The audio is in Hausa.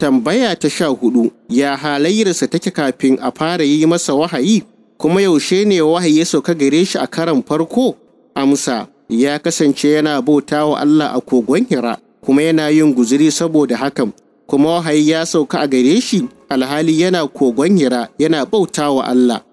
Tambaya ta sha hudu, ya halayyarsa take kafin a fara yi masa wahayi, kuma yaushe ne wahayi ya sauka gare shi a karan farko? Amsa, ya kasance yana bauta wa Allah a kogon Hira, kuma yana yin guziri saboda hakan, kuma wahayi ya sauka a gare shi, alhali yana kogon Hira yana bauta wa Allah.